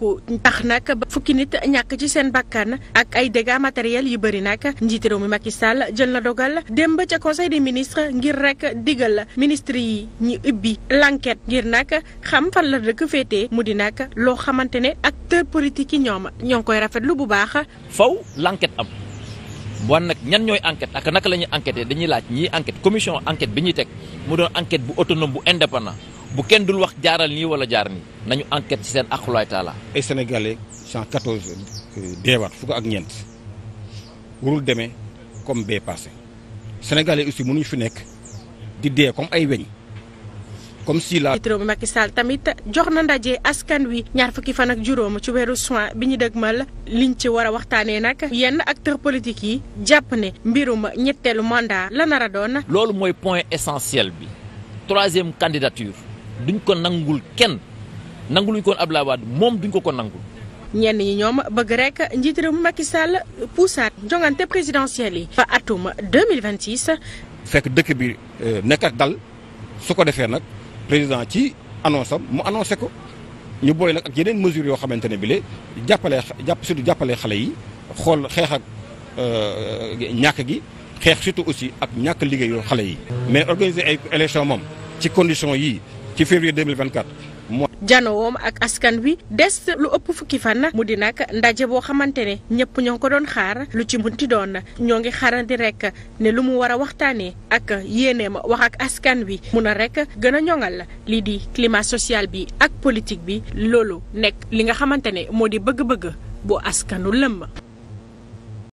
yokku tax nag ba fukki nit ñàkk ci seen bakkan ak ay dégâts matériels yu bëri nag njiit réew mi Macky Sall jël na dogal démb ca conseil des ministres ngir rek digal ministre yi ñu ubbi l'enquête ngir nag xam fan la dëkk féetee mu di nag loo xamante ne ak acteur politique yi ñoom ñoo ngi koy rafetlu bu baax. fow l'enquête am bon nag ñan ñooy enquête ak naka la ñuy enquêter dañuy laaj ñiy enquête commission enquête bi ñuy teg mu doon enquête bu autonome bu indépendant. bu kenn dul wax jaaral nii wala jaar nii nañu enquête ci seen aqulaay taala ay sénégalais cent quatorze deewaat fukk ak ñeent warul demee comme bee passé sénégalais aussi mënuñu fi nekk di dee comme ay weñ comme si la. njiit réew mi Macky tamit jox na ndaje askan wi ñaar fukki fan ak juróom ci weeru soin bi ñu dëgmal liñ ci war a waxtaanee nag yenn acteurs politiques yi jàpp ne mbirum ñetteelu mandat la nar a loolu mooy point essentiel bi troisième candidature. duñ ko nangul kenn nangu nanguluñ koon Abdoulaye Wade moom duñ ko ko nangul. ñenn ñi ñoom bëgg rek njiit réew mu Macky Sall puusaat jongante présidentielle yi. fa atum 2026. fekk dëkk bi euh, nekk ak dal su ko defee nag président ci annonce mu annoncé ko ñu boole nag ak yeneen mesures yoo xamante ne bi jàppale jàpp surtout jàppale xale yi xool xeex ak euh, ñàkk gi xeex surtout aussi ak ñàkk liggéeyu xale yi. mais organiser ay élection moom ci condition yi ci février 2024 moo janowoom ak askan wi des lu ëpp fukki fan mu di nag ndaje boo xamante ne ñëpp ñoo ko doon xaar lu ci munti doon ñoo ngi xaarandi rek ne lu mu war a waxtaanee ak yéeneem wax ak askan wi mun a rek gën a ñoŋal lii di climat social bi ak politique bi loolu nekk li nga xamante ne moo di bëgg-bëgg bu askanu lëmm